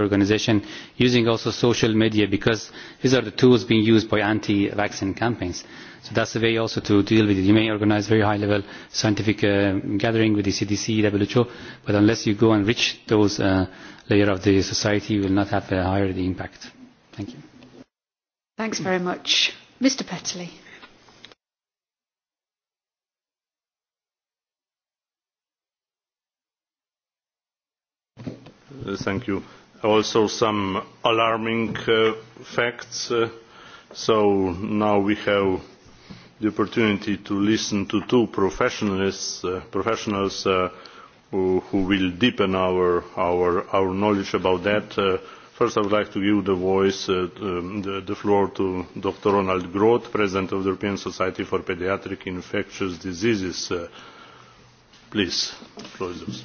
organization using also social media because these are the tools being used by anti-vaccine campaigns. So that's a way also to deal with it. You may organize very high level scientific uh, gathering with the CDC, WHO, but unless you go and reach those uh, layer of the society, you will not have a uh, higher the impact. Thank you. Thanks very much. Mr. Petley. Uh, thank you also some alarming uh, facts uh, so now we have the opportunity to listen to two uh, professionals, professionals who, who will deepen our, our, our knowledge about that first i would like to give the, voice, uh, um, the, the floor to dr ronald groth president of the european society for paediatric infectious diseases. Uh, please the floor is yours.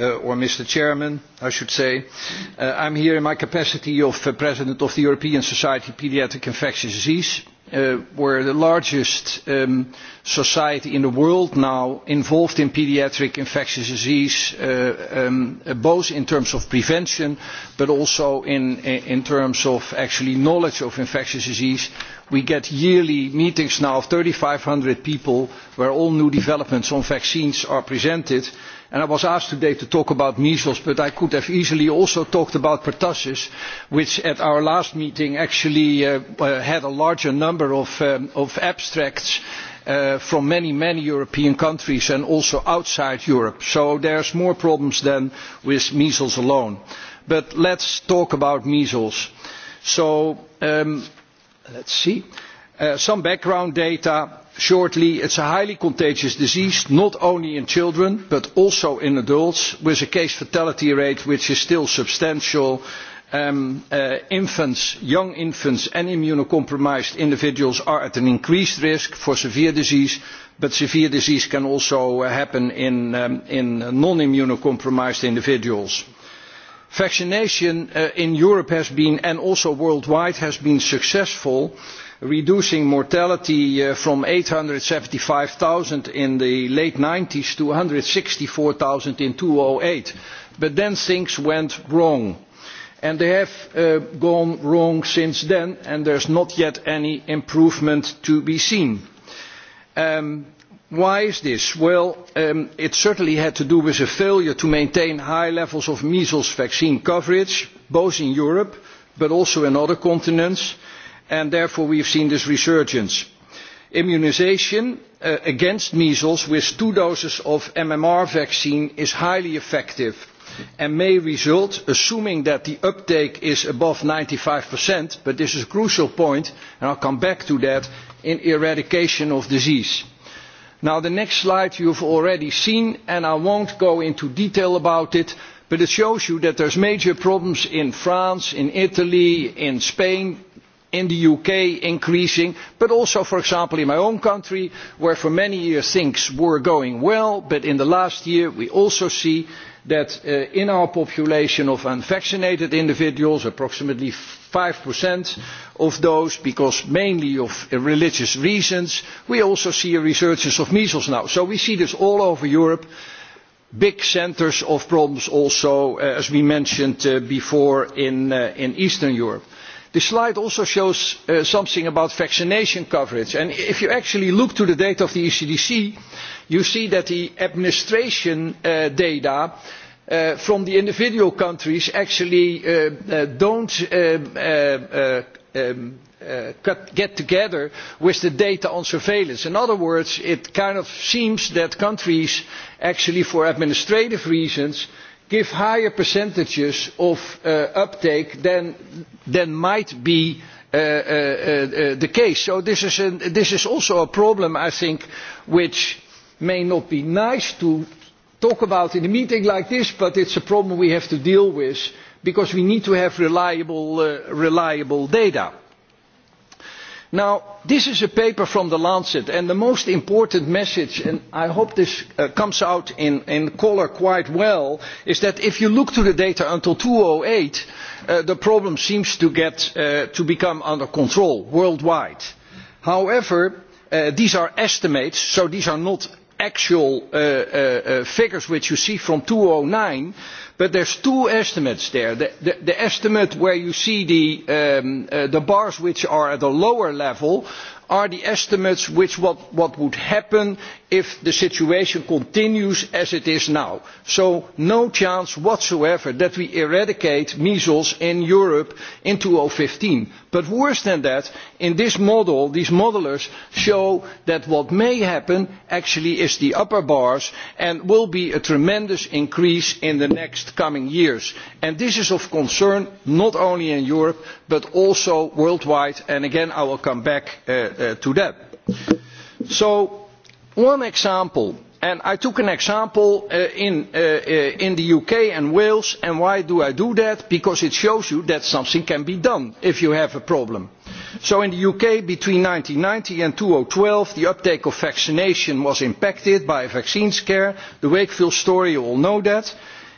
Uh, or Mr. Chairman, I should say. Uh, i am here in my capacity of uh, President of the European Society of paediatric Infectious diseases we are the largest um, society in the world now involved in paediatric infectious disease, um, both in terms of prevention, but also in, terms of actually knowledge of infectious disease. We get yearly meetings now of three thousand five hundred people where all new developments on vaccines are presented And I was asked today to talk about measles, but I could have easily also talked about pertussis, which at our last meeting actually uh, uh had a larger number of, um, of abstracts Uh, from many many european countries and also outside europe so there are more problems than with measles alone. but let us talk about measles. so um, let us see uh, some background data shortly, it's a highly contagious disease, not only in children, but also in adults, with a case fatality rate which is still substantial. Um, uh, infants, young infants and immunocompromised individuals are at an increased risk for severe disease, but severe disease can also uh, happen um, in, non-immunocompromised individuals vaccination uh, in europe has been and also worldwide has been successful in reducing mortality uh, seventy five zero in the late 90s to zero in 2008. But then things went wrong. And they have uh, gone wrong since then, and there's not yet any improvement to be seen. Um, why is this? well um, it certainly had to do with a failure to maintain high levels of measles vaccine coverage both in europe but also in other continents and therefore we have seen this resurgence. immunisation uh, against measles with two doses of mmr vaccine is highly effective and may result assuming that the uptake is above ninety five but this is a crucial point and i will come back to that in the eradication of disease. the next slide you have already seen and i will not go into detail about it but it shows you that there are major problems in france in italy in spain in the uk increasing but also for example in my own country where for many years things were going well but in the last year we also see that uh, in our population of unvaccinated individuals approximately five of those because mainly of religious reasons we also see a resurgence of measles now. so we see this all over europe big centres of problems also uh, as we mentioned uh, before in eastern europe the slide also shows uh, something about vaccination coverage and if you actually look at the data of the ecdc you see that the administration uh, data uh, from the individual countries actually do not um, get together with the data on surveillance. in other words it kind of seems that countries actually for administrative reasons give higher percentages of uh, uptake than, than might be uh, uh, the case. So this is, this is also a problem, I think, which may not be nice to talk about in a meeting like this, but it's a problem we have to deal with because we need to have reliable, reliable data Now, this is a paper from The Lancet, and the most important message, and I hope this uh, comes out in, colour quite well, is that if you look to the data until 2008, eight uh, the problem seems to, get, uh, to become under control worldwide. However, these are estimates, so these are not actual figures which you see from 2009, But there's two estimates there. The, the, the estimate where you see the, um, uh, the bars which are at a lower level are the estimates which what, what would happen if the situation continues as it is now. So no chance whatsoever that we eradicate measles in Europe in 2015. But worse than that, in this model, these modelers show that what may happen actually is the upper bars and will be a tremendous increase in the next next coming years. And this is of concern not only in Europe but also worldwide and again I will come back uh, uh, to that. So one example and I took an example uh, in, the UK and Wales and why do I do that? Because it shows you that something can be done if you have a problem. So in the UK between one thousand nine hundred and ninety and and two thousand twelve the uptake of vaccination was impacted by a vaccine scare. The Wakefield story, you all know that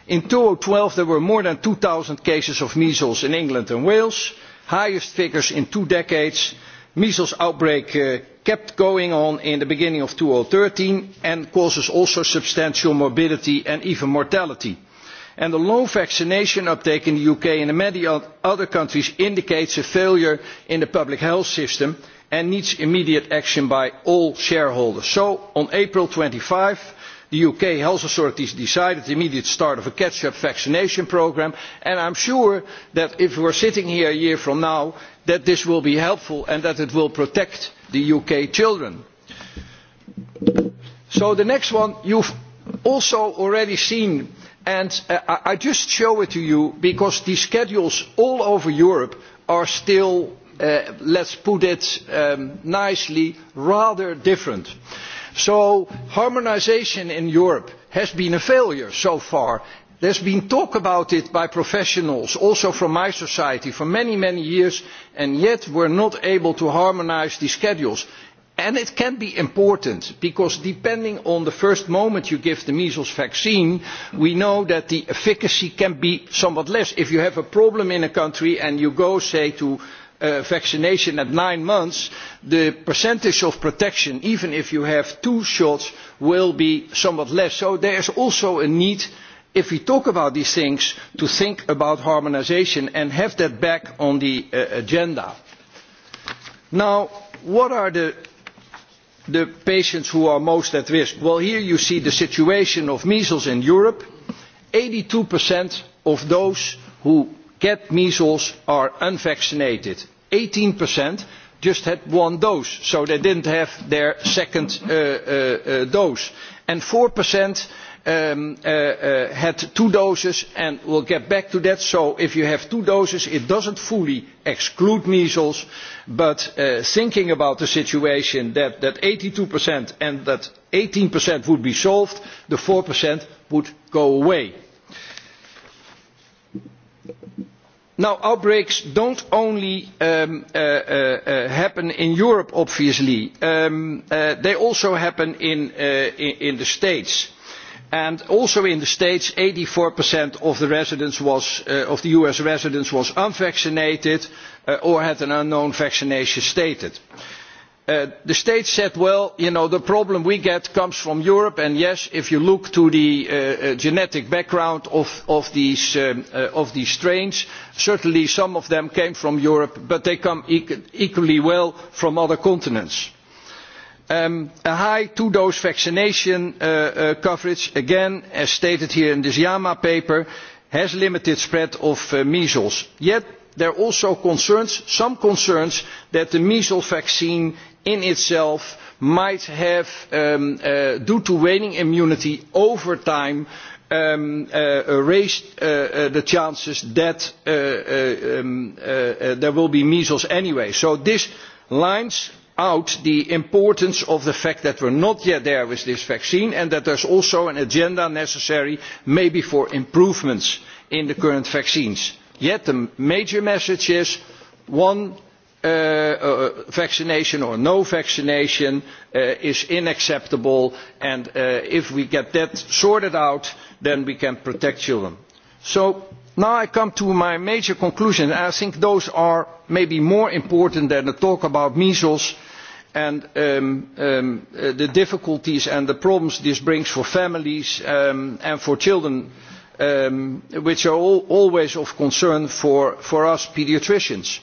in two thousand and twelve there were more than two zero cases of measles in england and wales the highest figures in two decades. the measles outbreak uh, kept going on in the beginning of two thousand and thirteen and causes also substantial morbidity and even mortality. And the low vaccination uptake in the uk and in many other countries indicates a failure in the public health system and needs immediate action by all shareholders. so on twenty five april the uk health authorities decided the immediate start of a catch up vaccination programme and i am sure that if we are sitting here a year from now this will be helpful and that it will protect the uk children. so the next one you have also already seen and uh, i just show it to you because the schedules all over europe are still uh, let us put it um, nicely rather different so harmonisation in europe has been a failure so far. there has been talk about it by professionals also from my society for many many years and yet we are not able to harmonise the schedules. and it can be important because depending on the first moment you give the measles vaccine we know that the efficacy can be somewhat less if you have a problem in a country and you go say Uh, vaccination at nine months the percentage of protection even if you have two shots will be somewhat less. so there is also a need if we talk about these things to think about harmonisation and have that back on the uh, agenda. now what are the, patients who are most at risk? well here you see the situation of measles in europe eighty two of those who get measles are unvaccinated. eighteen just had one dose so they did not have their second uh, uh, uh, dose and four um, uh, had two doses and we will get back to that so if you have two doses it does not fully exclude measles but thinking about the situation that eighty two and that eighteen would be solved the four would go away now outbreaks do not only um, uh, uh, uh, happen in europe obviously um, they also happen in, the states and also in the states eighty four of the, residents of the us residents were unvaccinated or had an unknown vaccination status. Uh, the states said well you know the problem we get comes from europe and yes if you look to the uh, uh, genetic background um, of, these, strains certainly some of them came from europe but they come equally well from other continents. Um, a high two dose vaccination coverage again as stated here in this jama paper has limited spread of measles yet there are also concerns some concerns that the measles vaccine in itself might have um, uh, due to waning immunity over time um, uh, raised uh, the chances that um, there will be measles anyway. so this lines out the importance of the fact that we are not yet there with this vaccine and that there is also an agenda necessary maybe for improvements in the current vaccines. yet the major message is one Uh, uh, vaccination or no vaccination uh, is unacceptable and if we get that sorted out then we can protect children. so now i come to my major conclusions and i think those are maybe more important than the talk about measles and um, um, the difficulties and the problems this brings for families um, and for children which are always of concern for us paediatricians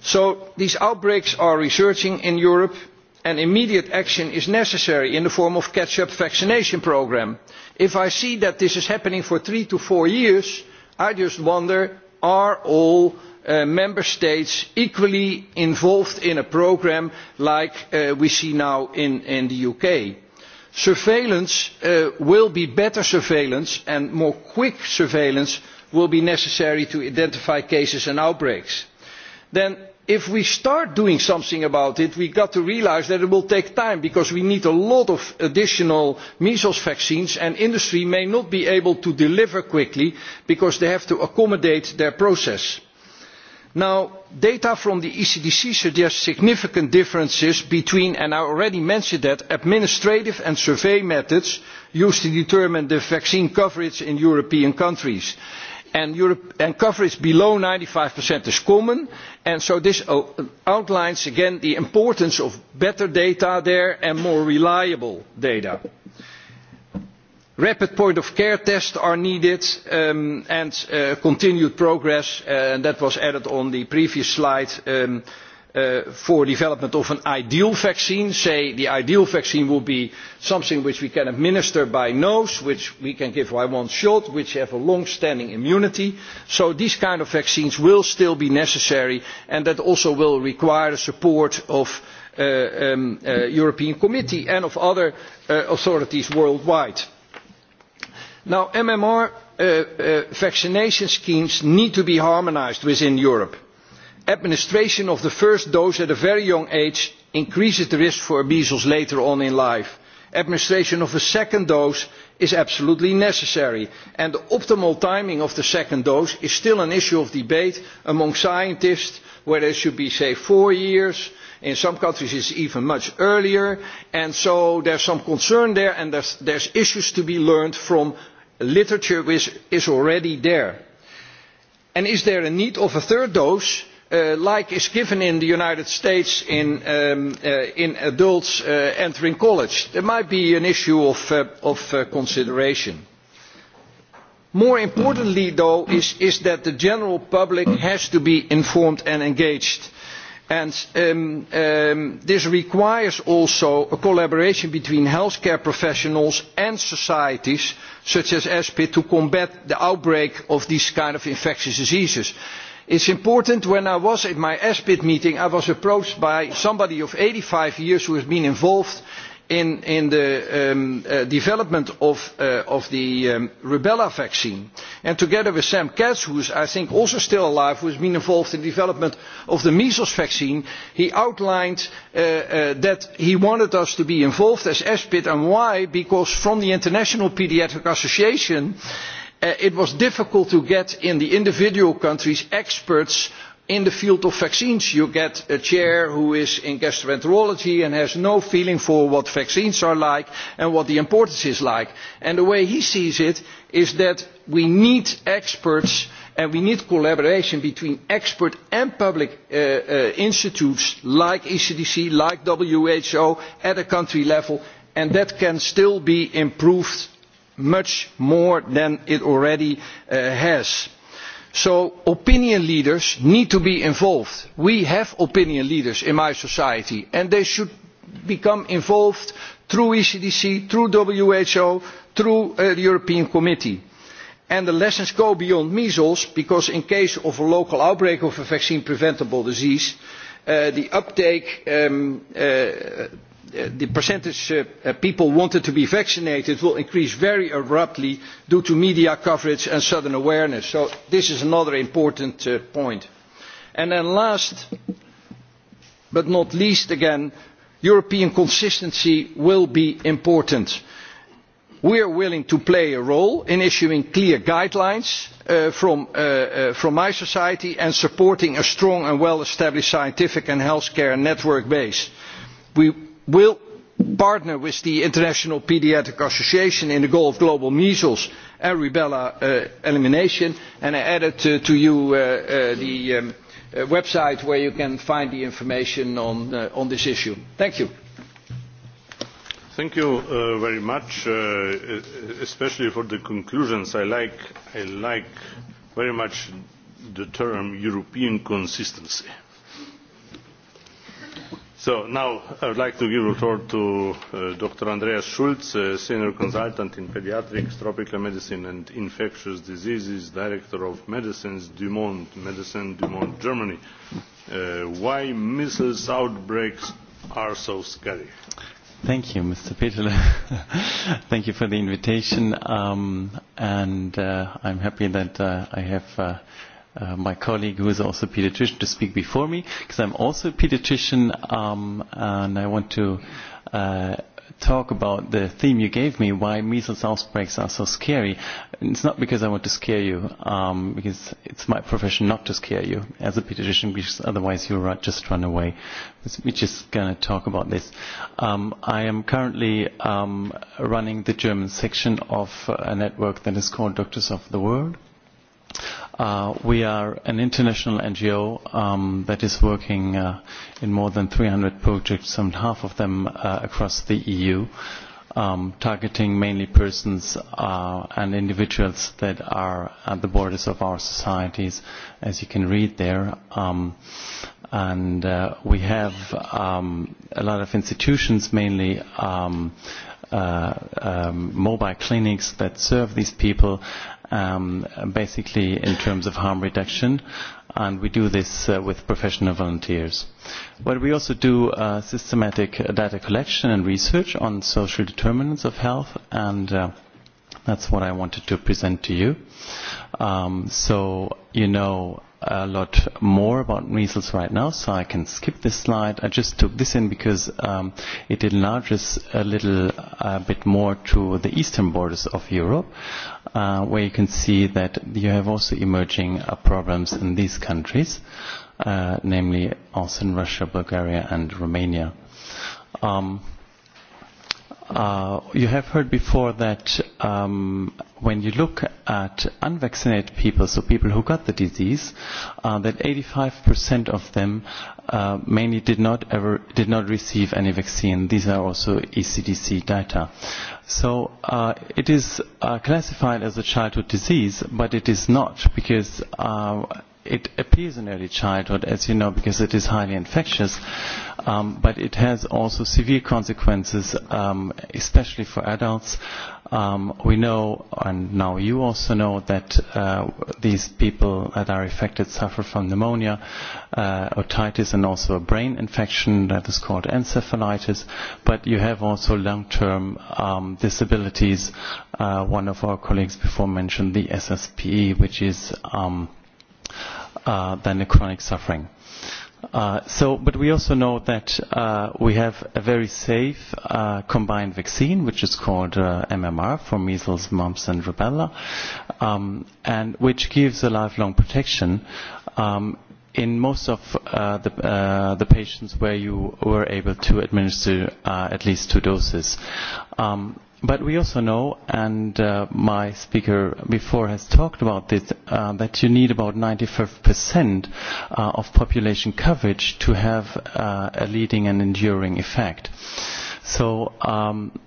so these outbreaks are resurging in europe and immediate action is necessary in the form of a catch up vaccination programme. if i see that this is happening for three to four years i just wonder are all uh, member states equally involved in a programme like uh, we see now in, the uk? surveillance uh, will be better surveillance and more quick surveillance will be necessary to identify cases and outbreaks then if we start doing something about it we have to realise that it will take time because we need a lot of additional measles vaccines and industry may not be able to deliver quickly because they have to accommodate their process. Now, data from the ecdc suggests significant differences between and i already mentioned that administrative and survey methods used to determine the vaccine coverage in european countries and, coverage below ninety five is common and so this oh, outlines again the importance of better data there and more reliable data. rapid point of care tests are needed um, and uh, continued progress uh, and that was added on the previous slide um, Eh, for development of an ideal vaccine say the ideal vaccine will be something which we can administer by nose which we can give by one shot which have a long standing immunity so these kinds of vaccines will still be necessary and that also will require the support of the eh, um, eh, european committee and of other authorities worldwide. now mmr vaccination schemes need to be harmonised within europe administration of the first dose at a very young age increases the risk for measles later on in life. administration of a second dose is absolutely necessary and the optimal timing of the second dose is still an issue of debate among scientists whether it should be say four years in some countries it is even much earlier and so there is some concern there and there are issues to be learned from literature which is already there. is there a need for a third dose? Eh, like is given in the united states in, um, eh, adults eh, entering college. there might be an issue of, consideration. more importantly though is, that the general public has to be informed and engaged and um, um, this requires also a collaboration between healthcare professionals and societies such as espid to combat the outbreak of these kinds of infectious diseases it is important when i was at my aspid meeting i was approached by somebody of eighty five years who has been involved in, the um, uh, development of, uh, the um, rubella vaccine and together with sam katz who is i think also still alive who has been involved in the development of the measles vaccine he outlined uh, that he wanted us to be involved as aspid and why because from the international paediatric association there Eh, it was difficult to get in the individual countries experts in the field of vaccines. You get a chair who is in gastroenterology and has no feeling for what vaccines are like and what the importance is like. And the way he sees it is that we need experts and we need collaboration between expert and public eh, eh, institutes like ECDC, like WHO at a country level and that can still be improved much more than it already uh, has. so opinion leaders need to be involved. we have opinion leaders in my society and they should become involved through ecdc through who through uh, the european committee. And the lessons go beyond measles because in case of a local outbreak of a vaccine preventable disease uh, the uptake um, Uh, the percentage of uh, uh, people wanted to be vaccinated will increase very abruptly due to media coverage and sudden awareness. so this is another important point. last but not least again european consistency will be important. we are willing to play a role in issuing clear guidelines from, my society and supporting a strong and well established scientific and healthcare network base will partner with the international paediatric association in the goal of global measles and rubella uh, elimination and i added to you uh, uh, the um, website where you can find the information on, this issue. thank you. thank you very much especially for the conclusions. I like very much the term european consistency' So now i would like to give the floor to uh, dr andreas schulz uh, senior consultant in paediatrics tropical medicine and infectious diseases director of medicines du monde medecins du monde germany. Uh, why measles outbreaks are so scary? Thank you, Mr. Peterle. Thank you for the invitation, um, and uh, I'm happy that uh, I have uh, uh, my colleague who is also a pediatrician to speak before me because I'm also a pediatrician um, and I want to uh, talk about the theme you gave me, why measles outbreaks are so scary. It's not because I want to scare you, um, because it's my profession not to scare you as a pediatrician, because otherwise you'll just run away. We're just going to talk about this. Um, I am currently um, running the German section of a network that is called Doctors of the World. Uh, we are an international NGO um, that is working uh, in more than 300 projects, and half of them uh, across the EU, um, targeting mainly persons uh, and individuals that are at the borders of our societies, as you can read there. Um, and uh, we have um, a lot of institutions, mainly. Um, uh, um, mobile clinics that serve these people um, basically in terms of harm reduction and we do this uh, with professional volunteers. But we also do uh, systematic data collection and research on social determinants of health and uh, that's what I wanted to present to you. Um, so you know a lot more about measles right now, so I can skip this slide. I just took this in because um, it enlarges a little a uh, bit more to the eastern borders of Europe uh, where you can see that you have also emerging uh, problems in these countries, uh, namely also in Russia, Bulgaria, and Romania. Um, uh, you have heard before that um, when you look at unvaccinated people, so people who got the disease, uh, that 85% of them uh, mainly did not ever did not receive any vaccine. These are also ECDC data. So uh, it is uh, classified as a childhood disease, but it is not because. Uh, it appears in early childhood, as you know, because it is highly infectious um, but it has also severe consequences, um, especially for adults. Um, we know, and now you also know, that uh, these people that are affected suffer from pneumonia, uh, otitis, and also a brain infection that is called encephalitis. But you have also long-term um, disabilities. Uh, one of our colleagues before mentioned the SSPE, which is um, uh, then a chronic suffering. Uh, Uh, so, but we also know that uh, we have a very safe uh, combined vaccine, which is called uh, MMR for measles, mumps, and rubella, um, and which gives a lifelong protection um, in most of uh, the, uh, the patients where you were able to administer uh, at least two doses. Um, But we also know, and uh, my speaker before has talked about this, uh, that you need about 95% uh, of population coverage to have uh, a leading and enduring effect. So um,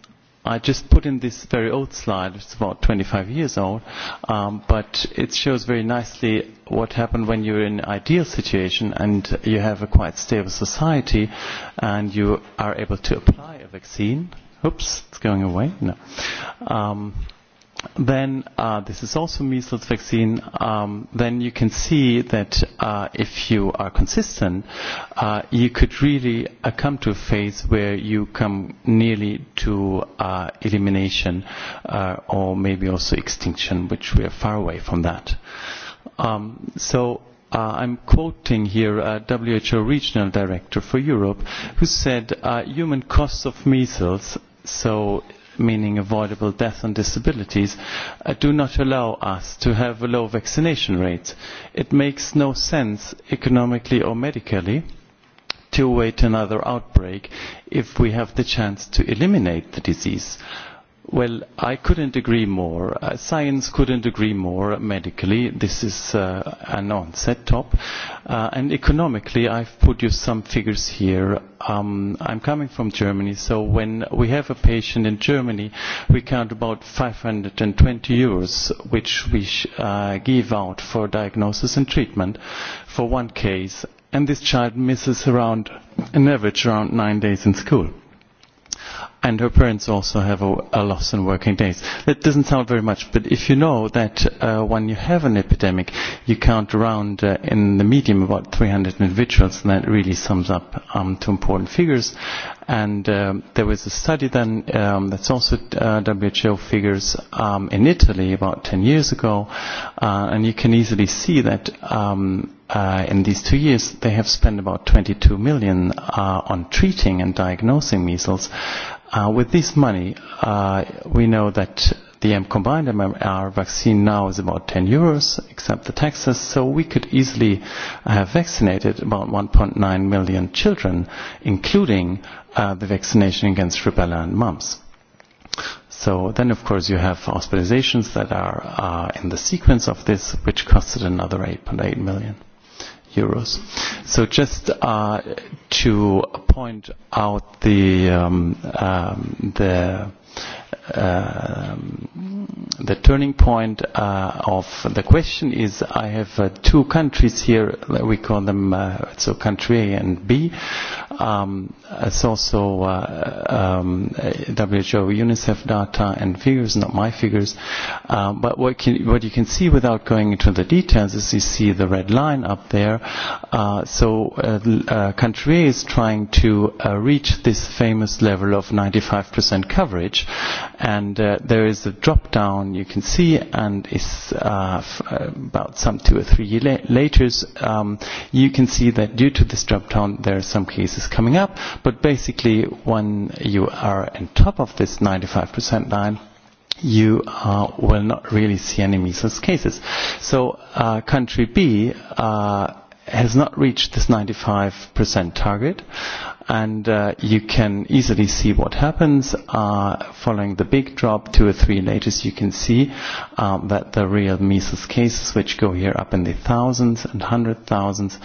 I just put in this very old slide, it's about 25 years old, um, but it shows very nicely what happened when you're in an ideal situation and you have a quite stable society and you are able to apply a vaccine Oops, it's going away. No. Um, then uh, this is also measles vaccine. Um, then you can see that uh, if you are consistent, uh, you could really uh, come to a phase where you come nearly to uh, elimination uh, or maybe also extinction, which we are far away from that. Um, so uh, I'm quoting here a uh, WHO regional director for Europe who said uh, human costs of measles so meaning avoidable death and disabilities, uh, do not allow us to have a low vaccination rate. It makes no sense economically or medically to wait another outbreak if we have the chance to eliminate the disease. Uh, Well, I couldn't agree more. Uh, science couldn't agree more medically. This is uh, an onset top. Uh, and economically, I've put you some figures here. Um, I'm coming from Germany, so when we have a patient in Germany, we count about 520 euros, which we sh uh, give out for diagnosis and treatment for one case. And this child misses around, an average around nine days in school and her parents also have a, a loss in working days. That doesn't sound very much, but if you know that uh, when you have an epidemic, you count around uh, in the medium about 300 individuals, and that really sums up um, to important figures. And um, there was a study then um, that's also uh, WHO figures um, in Italy about 10 years ago, uh, and you can easily see that um, uh, in these two years they have spent about 22 million uh, on treating and diagnosing measles Uh, with this money, uh, we know that the M combined MMR vaccine now is about 10 euros, except the taxes, so we could easily have vaccinated about 1.9 million children, including uh, the vaccination against rubella and mumps. So then, of course, you have hospitalizations that are uh, in the sequence of this, which costed another 8.8 million euros. So just uh, to point out the, um, um, the Um, the turning point uh, of the question is I have uh, two countries here, we call them uh, so country A and B. Um, it's also uh, um, WHO UNICEF data and figures, not my figures. Um, but what, can, what you can see without going into the details is you see the red line up there. Uh, so uh, uh, country A is trying to uh, reach this famous level of 95% coverage and uh, there is a drop down you can see and it's uh, f uh, about some two or three years la later um, you can see that due to this drop down there are some cases coming up but basically when you are on top of this 95% line you uh, will not really see any measles cases. So uh, country B uh, has not reached this 95% target and uh, you can easily see what happens. Uh, following the big drop, two or three latest, you can see um, that the real measles cases, which go here up in the thousands and hundred thousands,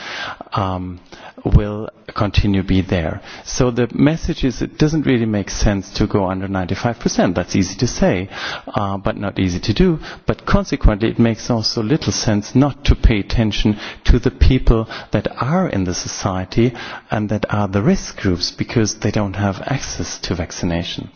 um, will continue to be there. So the message is it doesn't really make sense to go under 95%. That's easy to say, uh, but not easy to do. But consequently, it makes also little sense not to pay attention to the people that are in the society and that are the risk groups because they don't have access to vaccination.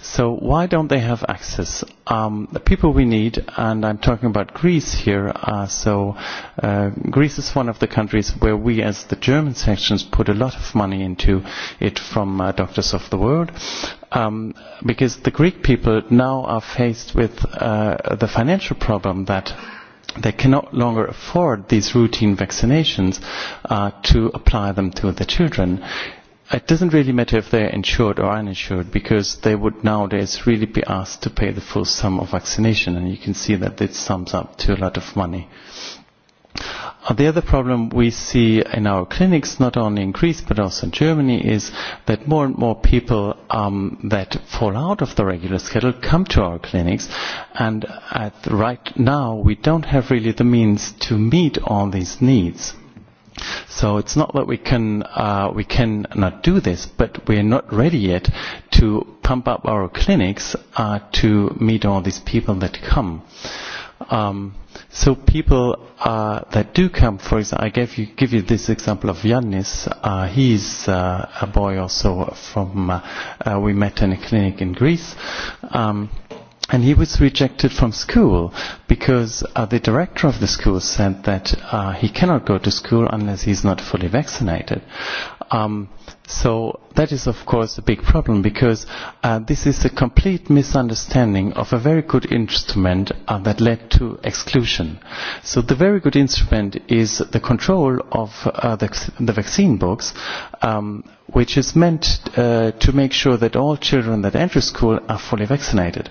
So why don't they have access? Um, the people we need, and I'm talking about Greece here, uh, so uh, Greece is one of the countries where we as the Germans sections put a lot of money into it from uh, Doctors of the World. Um, because the Greek people now are faced with uh, the financial problem that they can no longer afford these routine vaccinations uh, to apply them to the children. It doesn't really matter if they're insured or uninsured because they would nowadays really be asked to pay the full sum of vaccination and you can see that it sums up to a lot of money. Uh, the other problem we see in our clinics, not only in Greece but also in Germany, is that more and more people um, that fall out of the regular schedule come to our clinics, and at right now we don't have really the means to meet all these needs. So it's not that we can uh, we can not do this, but we're not ready yet to pump up our clinics uh, to meet all these people that come. Uh, Um, so people uh, that do come, for example, I gave you, give you this example of Yannis. Uh, he's uh, a boy also from, uh, uh, we met in a clinic in Greece. Um, and he was rejected from school because uh, the director of the school said that uh, he cannot go to school unless he's not fully vaccinated. Um, so that is of course a big problem because uh, this is a complete misunderstanding of a very good instrument uh, that led to exclusion. So the very good instrument is the control of uh, the, the vaccine books um, which is meant uh, to make sure that all children that enter school are fully vaccinated.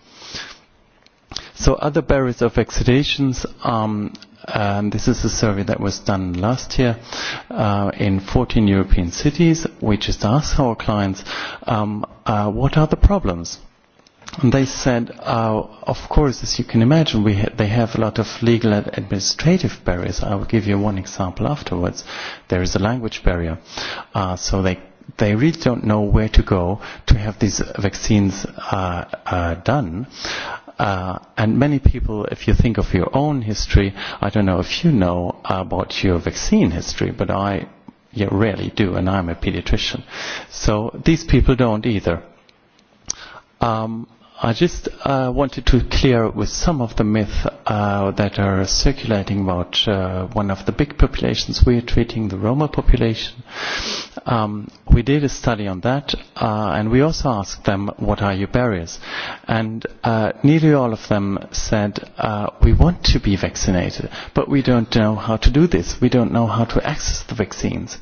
So other barriers of exudations, um, um, this is a survey that was done last year uh, in 14 European cities. We just asked our clients, um, uh, what are the problems? And they said, uh, of course, as you can imagine, we ha they have a lot of legal and administrative barriers. I will give you one example afterwards. There is a language barrier. Uh, so they they really don't know where to go to have these vaccines uh, uh, done. Uh, and many people, if you think of your own history, I don't know if you know about your vaccine history, but I yeah, rarely do, and I'm a pediatrician. So these people don't either. Um, I just uh, wanted to clear with some of the myths uh, that are circulating about uh, one of the big populations we are treating, the Roma population. Um, we did a study on that, uh, and we also asked them, what are your barriers? And uh, nearly all of them said, uh, we want to be vaccinated, but we don't know how to do this. We don't know how to access the vaccines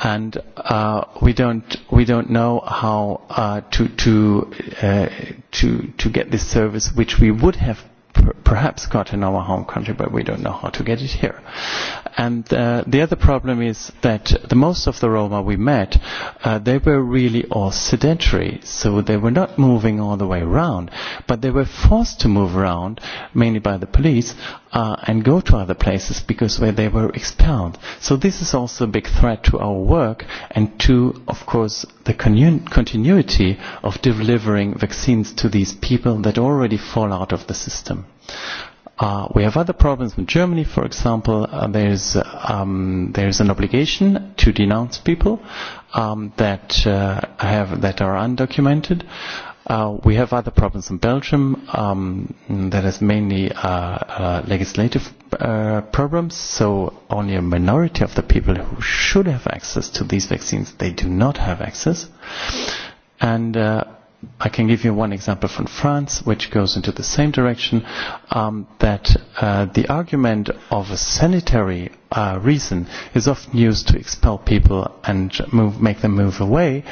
and uh, we don't we don't know how uh, to to uh, to to get this service, which we would have perhaps got in our home country, but we don't know how to get it here. And uh, the other problem is that the most of the Roma we met, uh, they were really all sedentary, so they were not moving all the way around, but they were forced to move around, mainly by the police, uh, and go to other places because where they were expelled. So this is also a big threat to our work and to, of course, the continuity of delivering vaccines to these people that already fall out of the system. Uh, we have other problems in Germany, for example. Uh, there's um, there's an obligation to denounce people um, that uh, have that are undocumented. Uh, we have other problems in Belgium um, that is mainly uh, uh, legislative uh, problems. So only a minority of the people who should have access to these vaccines, they do not have access. And uh, I can give you one example from France, which goes into the same direction, um, that uh, the argument of a sanitary uh, reason is often used to expel people and move, make them move away,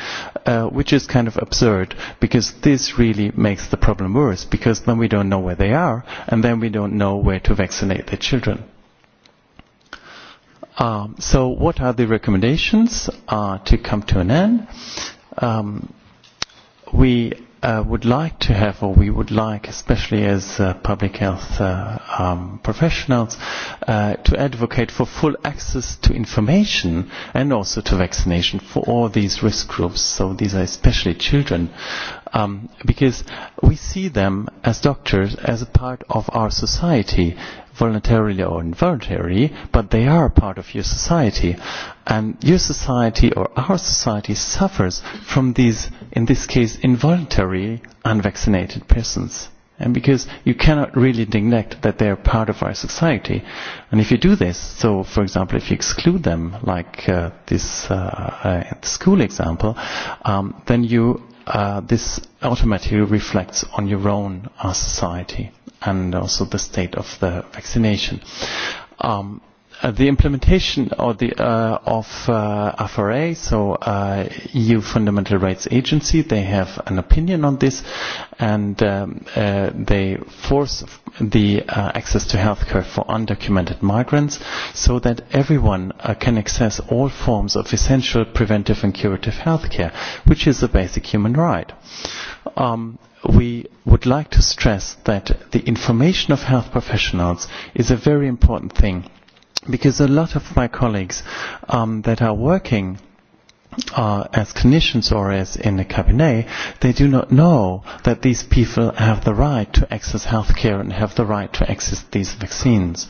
uh, which is kind of absurd because this really makes the problem worse because then we don't know where they are and then we don't know where to vaccinate their children. Um, so what are the recommendations uh, to come to an end? Um, we uh, would like to have, or we would like, especially as uh, public health uh, um, professionals, uh, to advocate for full access to information and also to vaccination for all these risk groups. So these are especially children, um, because we see them as doctors as a part of our society voluntarily or involuntarily, but they are part of your society. And your society or our society suffers from these, in this case, involuntary unvaccinated persons. And because you cannot really neglect that they are part of our society. And if you do this, so for example, if you exclude them, like uh, this uh, uh, school example, um, then you Uh, this automatically reflects on your own uh, society and also the state of the vaccination. Um, Uh, the implementation of, the, uh, of uh, FRA, so uh, EU Fundamental Rights Agency, they have an opinion on this, and um, uh, they force the uh, access to healthcare for undocumented migrants, so that everyone uh, can access all forms of essential preventive and curative healthcare, which is a basic human right. Um, we would like to stress that the information of health professionals is a very important thing because a lot of my colleagues um, that are working uh, as clinicians or as in the cabinet, they do not know that these people have the right to access healthcare and have the right to access these vaccines.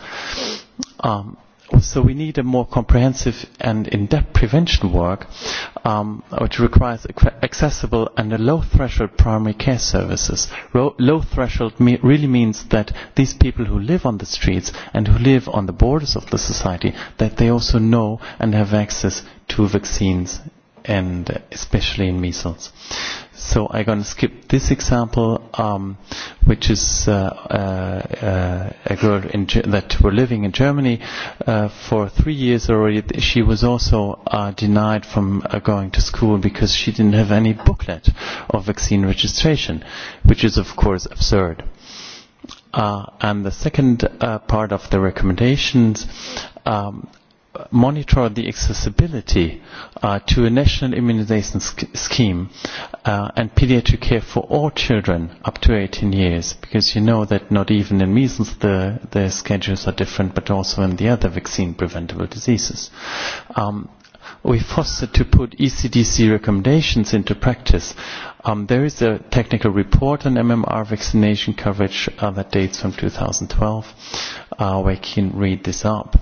Um, so we need a more comprehensive and in-depth prevention work, um, which requires accessible and a low-threshold primary care services. low-threshold me really means that these people who live on the streets and who live on the borders of the society, that they also know and have access to vaccines and especially in measles. So I'm going to skip this example, um, which is uh, uh, a girl in Ge that were living in Germany uh, for three years already. She was also uh, denied from uh, going to school because she didn't have any booklet of vaccine registration, which is of course absurd. Uh, and the second uh, part of the recommendations um, monitor the accessibility uh, to a national immunization sc scheme uh, and pediatric care for all children up to 18 years because you know that not even in measles the, the schedules are different but also in the other vaccine preventable diseases. Um, we fostered to put ECDC recommendations into practice. Um, there is a technical report on MMR vaccination coverage uh, that dates from 2012, uh, we can read this up.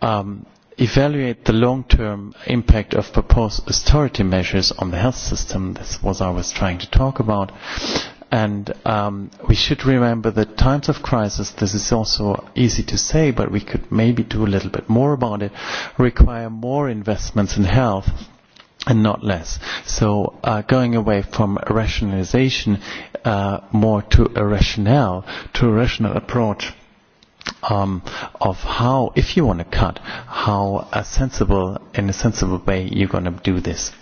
Um, evaluate the long-term impact of proposed austerity measures on the health system. This was what I was trying to talk about. And um, we should remember that times of crisis, this is also easy to say, but we could maybe do a little bit more about it, require more investments in health and not less. So uh, going away from rationalization uh, more to a rationale, to a rational approach um, of how, if you want to cut, how a sensible, in a sensible way you're going to do this.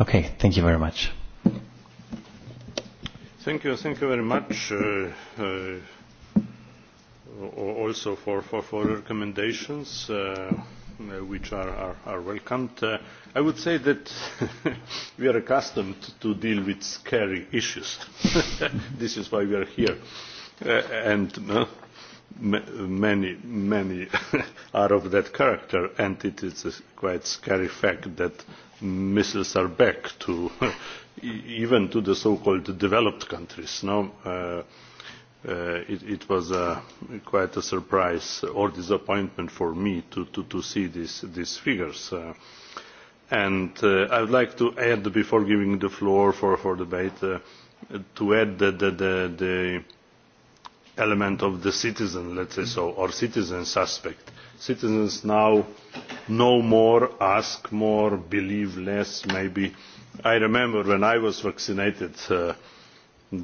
Okay, thank you very much. Thank you, thank you very much. Uh, uh, also for, for, for recommendations uh, which are, are, are welcomed. Uh, I would say that we are accustomed to deal with scary issues. this is why we are here. Uh, and uh, many, many are of that character, and it is a quite scary fact that missiles are back to e-, even to the so-called developed countries. No, uh, Uh, it, it was a, quite a surprise or disappointment for me to, to, to see this, these figures. Uh, and uh, I would like to add, before giving the floor for, for debate, uh, to add that the, the, the element of the citizen let us say so or citizen suspect. citizens now know more ask more believe less maybe. i remember when i was vaccinated uh,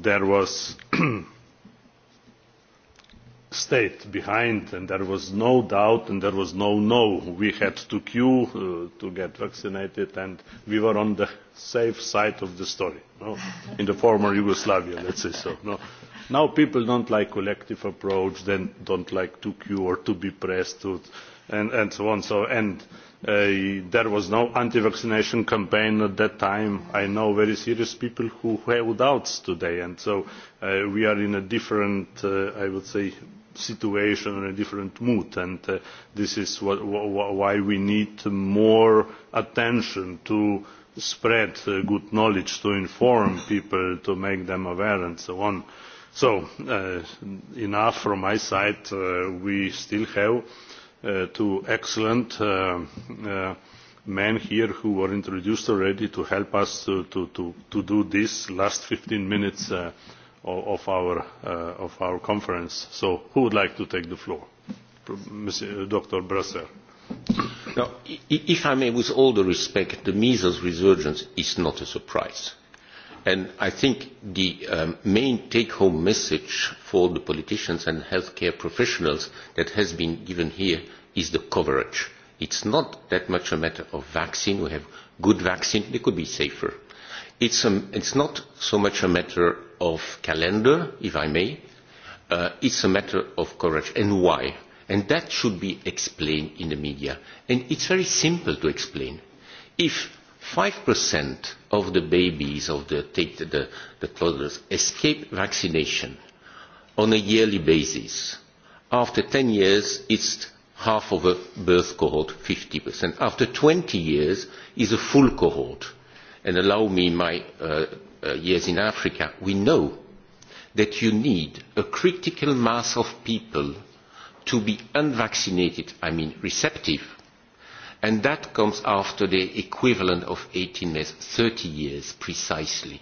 there was state behind and there was no doubt and there was no no. we had to queue uh, to get vaccinated and we were on the safe side of the story no? in the former yugoslavia let us say so. No? now people do not like collective approach they do not like to queue or to be pressed and, so on and uh, there was no anti vaccination campaign at that time. i know very serious people who have doubts today and so uh, we are in a different uh, i would say situation or a different mood and this is why we need more attention to spread good knowledge to inform people to make them aware and so on so uh, enough from my side. Uh, we still have uh, two excellent men here who were introduced already to help us to, do this last fifteen minutes of, our, conference. So who would like to take the floor? Dr. Brasser. if I may, with all due respect, the measles resurgence is not a surprise And I think the um, main take-home message for the politicians and healthcare professionals that has been given here is the coverage. It's not that much a matter of vaccine. We have good vaccine. They could be safer. It's, um, it's not so much a matter of calendar, if I may. Uh, it's a matter of coverage And why? And that should be explained in the media. And it's very simple to explain. If 5% of the babies, of the, the, the toddlers, escape vaccination on a yearly basis. After 10 years, it's half of a birth cohort, 50%. After 20 years is a full cohort. And allow me my uh, uh, years in Africa, we know that you need a critical mass of people to be unvaccinated, I mean receptive, and that comes after the equivalent of 18 years, 30 years precisely.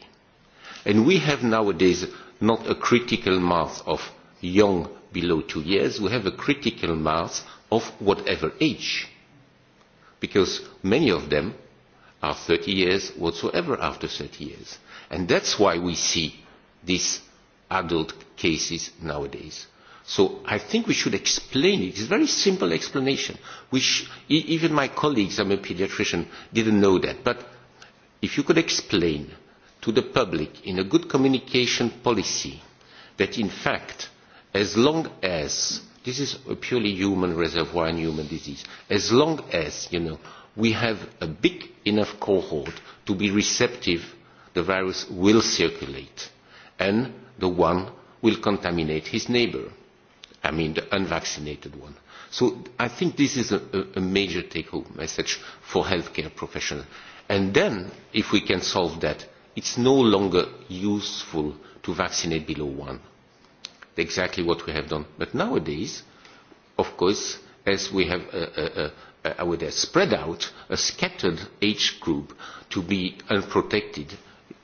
And we have nowadays not a critical mass of young below two years, we have a critical mass of whatever age. Because many of them are 30 years whatsoever after 30 years. And that's why we see these adult cases nowadays. So I think we should explain it. It's a very simple explanation, which e, even my colleagues, I'm a pediatrician, didn't know that. But if you could explain to the public in a good communication policy that in fact, as long as this is a purely human reservoir and human disease, as long as, you know, we have a big enough cohort to be receptive, the virus will circulate and the one will contaminate his neighbor I mean the unvaccinated one. So I think this is a, a major take-home message for healthcare professionals. And then, if we can solve that, it's no longer useful to vaccinate below one. Exactly what we have done. But nowadays, of course, as we have a, a, a, I would have spread out a scattered age group to be unprotected,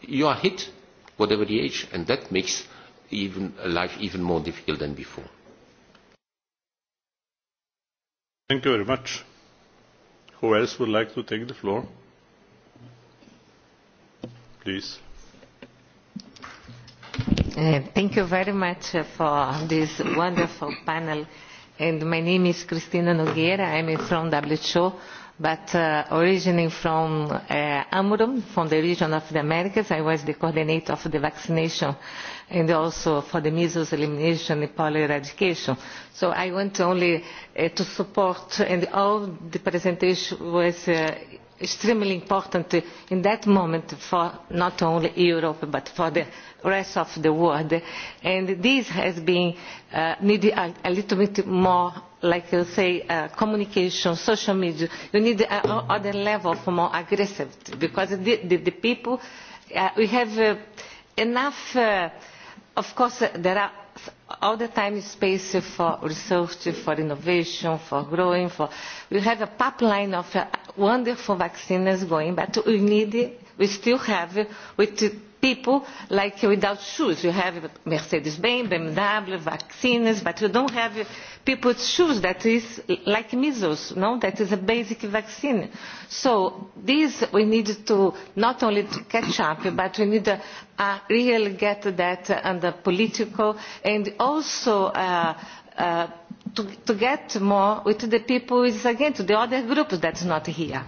you are hit, whatever the age, and that makes even life even more difficult than before. Thank you very much. Who else would like to take the floor? Please. Uh, thank you very much eh, for this wonderful panel and my name is Cristina Nogueira. I'm from WHO, but uh, origining from uh, Amurum, from the region of the Americas. I was the coordinator of the vaccination and also for the measles elimination and polio eradication. So I want only uh, to support, and all the presentation was uh, extremely important at that moment not only for europe but for the rest of the world and this has been uh, needing a, little bit more like you say uh, communication social media you need another level of more aggressiveness because the, the, the people uh, we have uh, enough of course there are all the time is space for research, for innovation, for growing. For we have a pipeline of uh, wonderful vaccines going, but we need, we still have with people like without shoes. You have Mercedes Benz, BMW, vaccines, but you don't have people's shoes that is like measles, no? That is a basic vaccine. So this we need to not only to catch up, but we need to uh, really get that under political and also uh, uh, to, to get more with the people is again to the other groups that's not here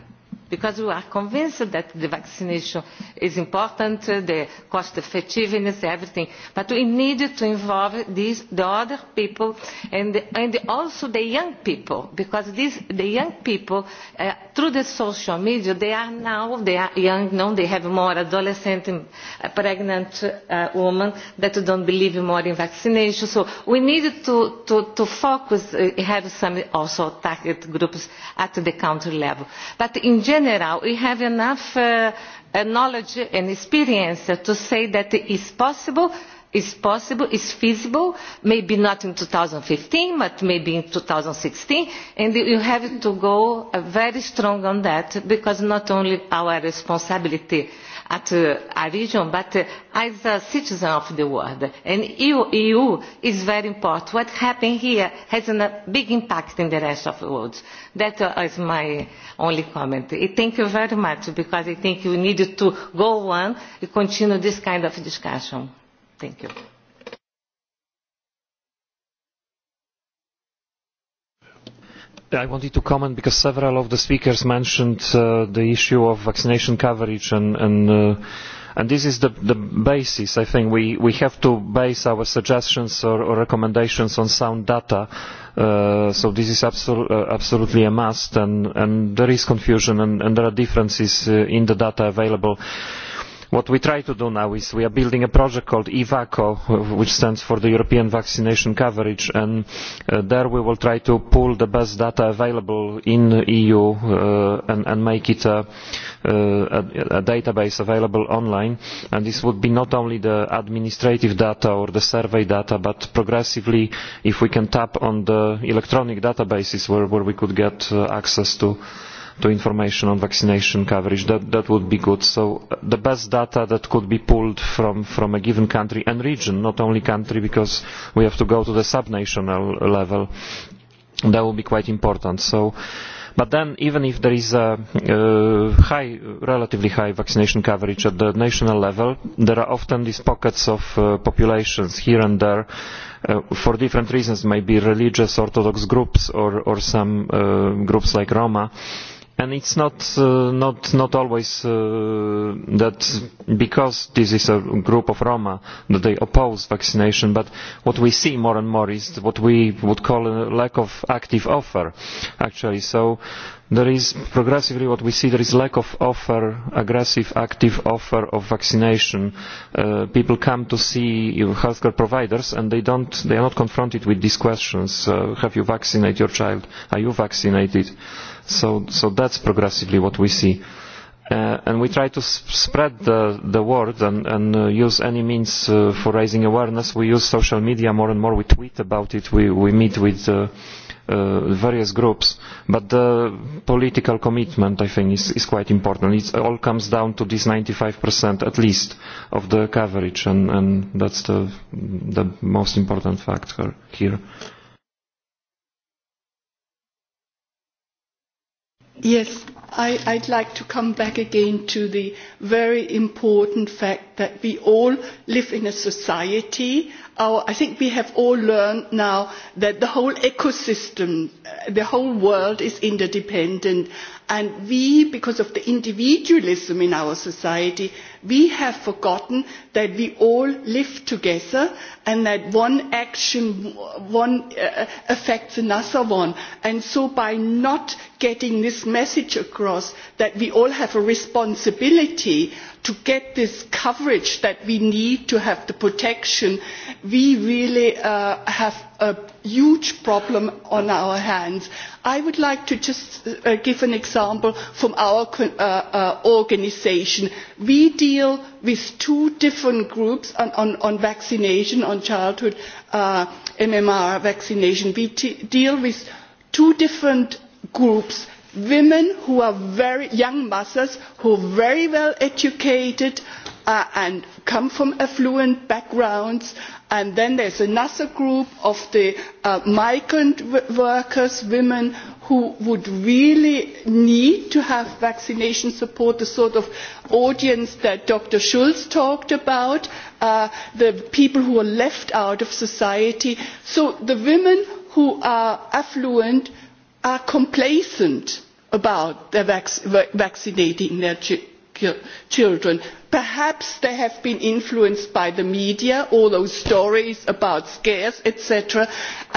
because we are convinced that the vaccination is important uh, the cost effectiveness everything but we need to involve these, the other people and, and also the young people because these, the young people uh, through the social media they are now they are young now they have more adolescent and pregnant uh, women that don't believe more in vaccination so we need to, to, to focus uh, have some also target groups at the country level but in general general we have enough uh, uh, knowledge and experience to say that it is possible is possible is feasible maybe not in two thousand and fifteen but maybe in two thousand and sixteen and we have to go very strong on that because not only our responsibility but at uh, a region but uh, as a citizen of the world and EU, EU is very important. What happened here has a big impact in the rest of the world. That uh, is my only comment. I thank you very much because I think you need to go on and continue this kind of discussion. Thank you. I wanted to comment because several of the speakers mentioned uh, the issue of vaccination coverage and, and, uh, and this is the, the basis. I think we, we have to base our suggestions or, or recommendations on sound data. Uh, so this is absol uh, absolutely a must and, and there is confusion and, and there are differences uh, in the data available. Uh, What we try to do now is we are building a project called EVACO, which stands for the European Vaccination Coverage, and uh, there we will try to pull the best data available in the EU uh, and, and make it a, uh, a, a database available online. And this would be not only the administrative data or the survey data, but progressively, if we can tap on the electronic databases where, where we could get uh, access to uh, to information on vaccination coverage. That, that would be good. So uh, the best data that could be pulled from, from a given country and region, not only country, because we have to go to the subnational level. That will be quite important. So, but then even if there is a uh, high, relatively high vaccination coverage at the national level, there are often these pockets of uh, populations here and there uh, for different reasons, maybe religious orthodox groups or, or some uh, groups like Roma, and it's not uh, not not always uh, that because this is a group of Roma that they oppose vaccination. But what we see more and more is what we would call a lack of active offer, actually. So there is progressively what we see there is lack of offer, aggressive, active offer of vaccination. Uh, people come to see healthcare providers and they don't they are not confronted with these questions. Uh, have you vaccinated your child? Are you vaccinated? Uh, So, so that's progressively what we see. Uh, and we try to sp spread the, the word and, and uh, use any means uh, for raising awareness. We use social media more and more. We tweet about it. We, we meet with uh, uh, various groups. But the political commitment, I think, is, is quite important. It all comes down to this 95% at least of the coverage, and, and that's the, the most important factor here. Yes, I, I'd like to come back again to the very important fact that we all live in a society. Our, I think we have all learned now that the whole ecosystem, uh, the whole world is interdependent. And we, because of the individualism in our society, we have forgotten that we all live together and that one action one, uh, affects another one and so by not getting this message across that we all have a responsibility to get this coverage that we need to have the protection we really uh, have a huge problem on our hands. i would like to just uh, give an example from our uh, uh, organisation. we deal with two different groups on, vaccination, on childhood uh, MMR vaccination. We deal with two different groups women who are very young mothers who are very well educated uh, and come from affluent backgrounds and then there is another group of the uh, migrant workers women who would really need to have vaccination support the sort of audience that dr schulz talked about uh, the people who are left out of society. so the women who are affluent are complacent about vaccinating their children. perhaps they have been influenced by the media all those stories about scares etc.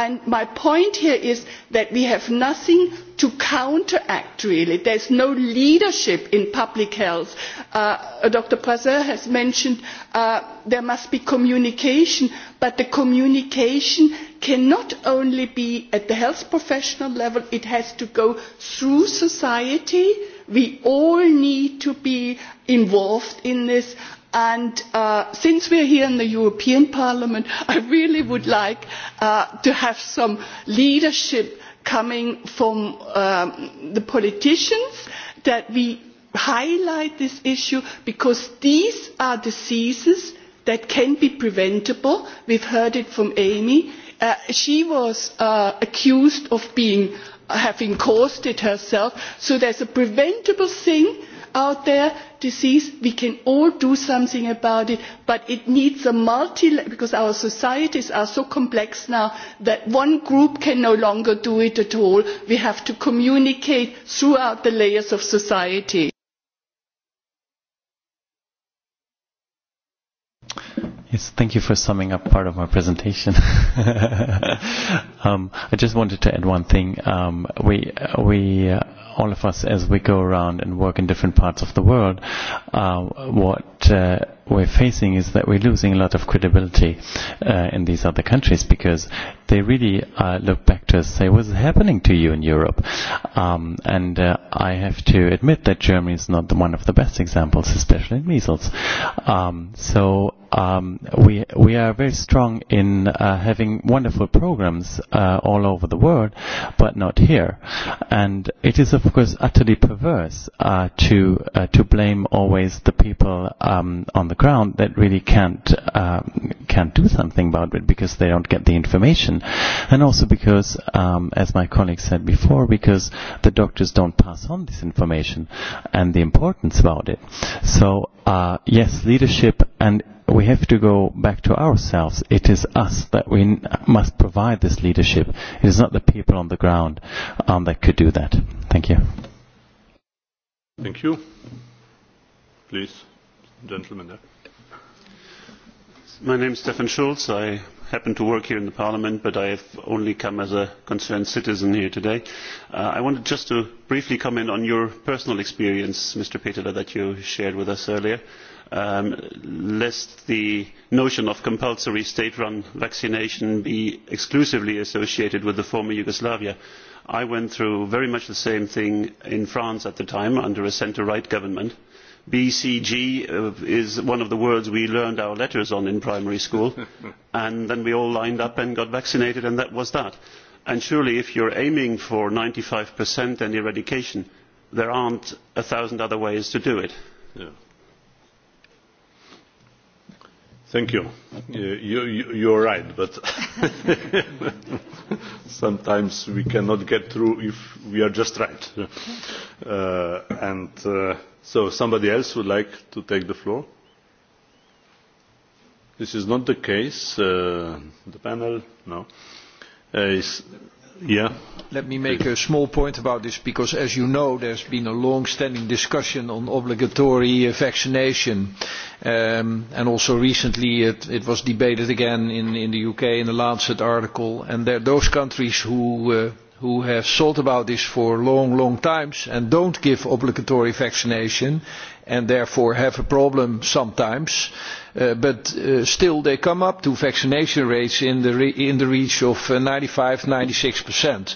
and my point here is that we have nothing to counteract really. there is no leadership in public health. Uh, dr brazil has mentioned uh, there must be communication but the communication cannot only be at the health professional level it has to go through society we all need to be involved in this and uh, since we are here in the european parliament i really would like uh, to have some leadership coming from um, the politicians that we highlight this issue because these are diseases that can be preventable we have heard it from amy uh, she was accused of being having caused it herself so there is a preventable thing out there disease we can all do something about it but it needs a multi level because our societies are so complex now that one group can no longer do it at all we have to communicate throughout the layers of society. Yes, thank you for summing up part of my presentation. um, I just wanted to add one thing. Um, we we uh, all of us, as we go around and work in different parts of the world, uh, what uh, we're facing is that we're losing a lot of credibility uh, in these other countries because they really uh, look back to us and say, what's happening to you in Europe? Um, and uh, I have to admit that Germany is not the, one of the best examples, especially in measles. Um, so um, we we are very strong in uh, having wonderful programs uh, all over the world, but not here. And it is of course utterly perverse uh, to uh, to blame always the people um, on the ground that really can't um, can't do something about it because they don't get the information, and also because, um, as my colleague said before, because the doctors don't pass on this information and the importance about it. So uh, yes, leadership and we have to go back to ourselves. It is us that we must provide this leadership. It is not the people on the ground um, that could do that. Thank you. Thank you. Please, gentlemen there. My name is Stefan Schulz. I happen to work here in the Parliament, but I have only come as a concerned citizen here today. Uh, I wanted just to briefly comment on your personal experience, Mr. Peter, that you shared with us earlier. Um, lest the notion of compulsory state run vaccination be exclusively associated with the former yugoslavia. i went through very much the same thing in france at the time under a centre right government. bcg uh, is one of the words we learned our letters on in primary school and then we all lined up and got vaccinated and that was that. surely if you are aiming for ninety five and eradication there are not a thousand other ways to do it. Thank you. you, you you're right, but sometimes we cannot get through if we are just right. Uh, and uh, so somebody else would like to take the floor? This is not the case. Uh, the panel, no. Uh, is, Let me make a small point about this because, as you know, there's been a long-standing discussion on obligatory vaccination, um, and also recently it, it was debated again in, in the UK in the Lancet article. And those countries who uh, who have thought about this for long, long times and don't give obligatory vaccination and therefore have a problem sometimes. Uh, but uh, still they come up to vaccination rates in the, re in the reach of uh, 95, 96%.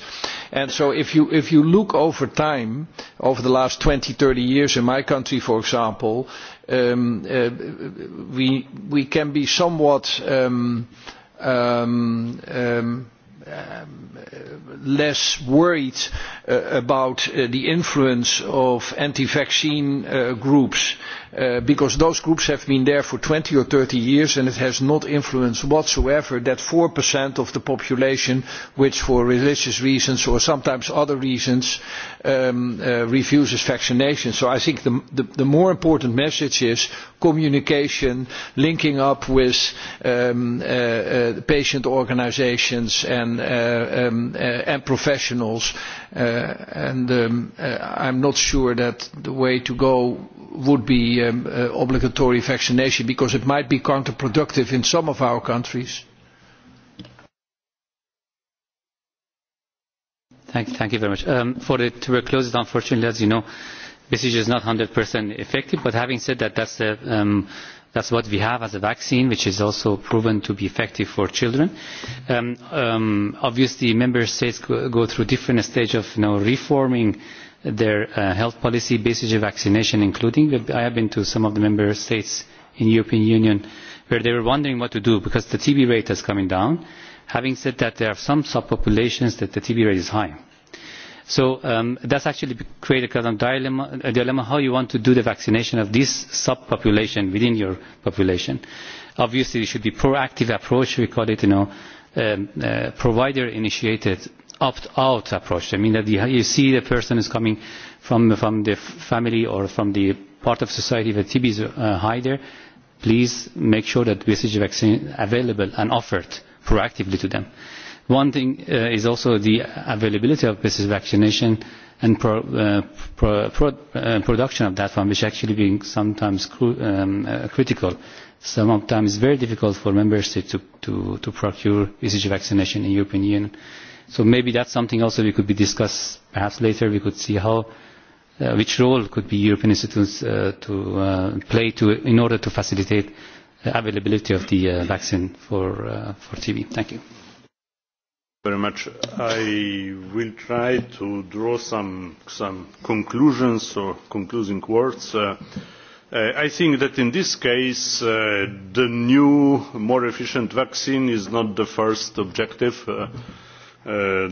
And so if you, if you look over time, over the last 20, 30 years in my country, for example, um, uh, we, we can be somewhat um, um, um, Um, uh, less worried uh, about uh, the influence of anti-vaccine groups Uh, because those groups have been there for 20 or 30 years and it has not influenced whatsoever that 4% of the population which for religious reasons or sometimes other reasons um, uh, refuses vaccination. So I think the, more important message is communication, linking up with um, uh, patient organisations um, and, professionals. and i am I'm not sure that the way to go would be um, uh, obligatory vaccination because it might be counterproductive in some of our countries. Thank, thank you very much. Um, for the tuberculosis, unfortunately, as you know, this is not 100% effective, but having said that, that's, a, uh, um, that's what we have as a vaccine, which is also proven to be effective for children. Um, um, obviously, member states go, go through different stages of you know, reforming uh, their uh, health policy basis of vaccination, including I have been to some of the member states in European Union where they were wondering what to do because the TB rate is coming down. Having said that, there are some subpopulations that the TB rate is high. So um, that's actually created a kind of dilemma, a dilemma how you want to do the vaccination of this subpopulation within your population. Obviously, it should be proactive approach. We call it, you know, um, uh, provider-initiated opt out approach. I mean that you, you see the person is coming from, from the family or from the part of society where TB is uh, high there. Please make sure that BCG vaccine is available and offered proactively to them. One thing uh, is also the availability of BCG vaccination and pro, uh, pro, pro, uh, production of that one, which actually being sometimes cru um, uh, critical. Sometimes it's very difficult for member states to, to, to procure BCG vaccination in European Union. Uh, So maybe that's something also we could be discuss perhaps later. We could see how, uh, which role could be European institutions uh, to uh, play to, in order to facilitate the availability of the uh, vaccine for, uh, for TB. Thank you. Very much. I will try to draw some, some conclusions or concluding words. Uh, Uh, i think that in this case uh, the new more efficient vaccine is not the first objective. Uh, Uh,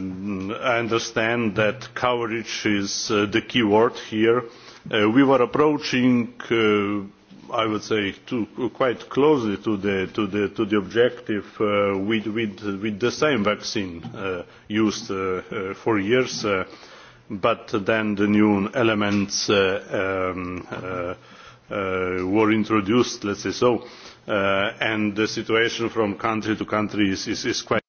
i understand that coverage is uh, the key word here. Uh, we were approaching i would say quite closely to the, objective with, the same vaccine used for years but then the new elements um, were introduced let us say so and the situation from country to country is quite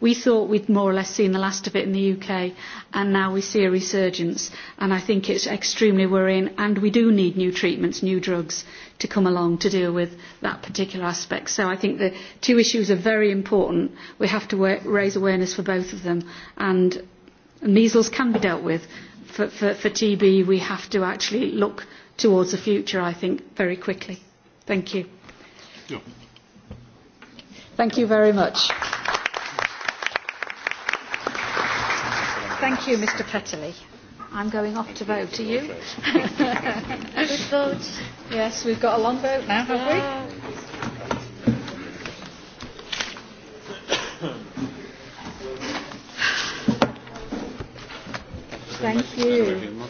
We thought we'd more or less seen the last of it in the UK, and now we see a resurgence, and I think it's extremely worrying, and we do need new treatments, new drugs to come along to deal with that particular aspect. So I think the two issues are very important. We have to raise awareness for both of them, and measles can be dealt with. For, for, for TB, we have to actually look towards the future, I think, very quickly. Thank you. Yeah. Thank you very much. Thank you, Mr. Petterly. I'm going off to vote. Are you? Good vote. Yes, we've got a long vote now, have we? Thank you.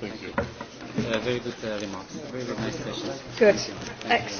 Thank you. Uh, very good uh, remarks. Very good, nice session. Good. Excellent.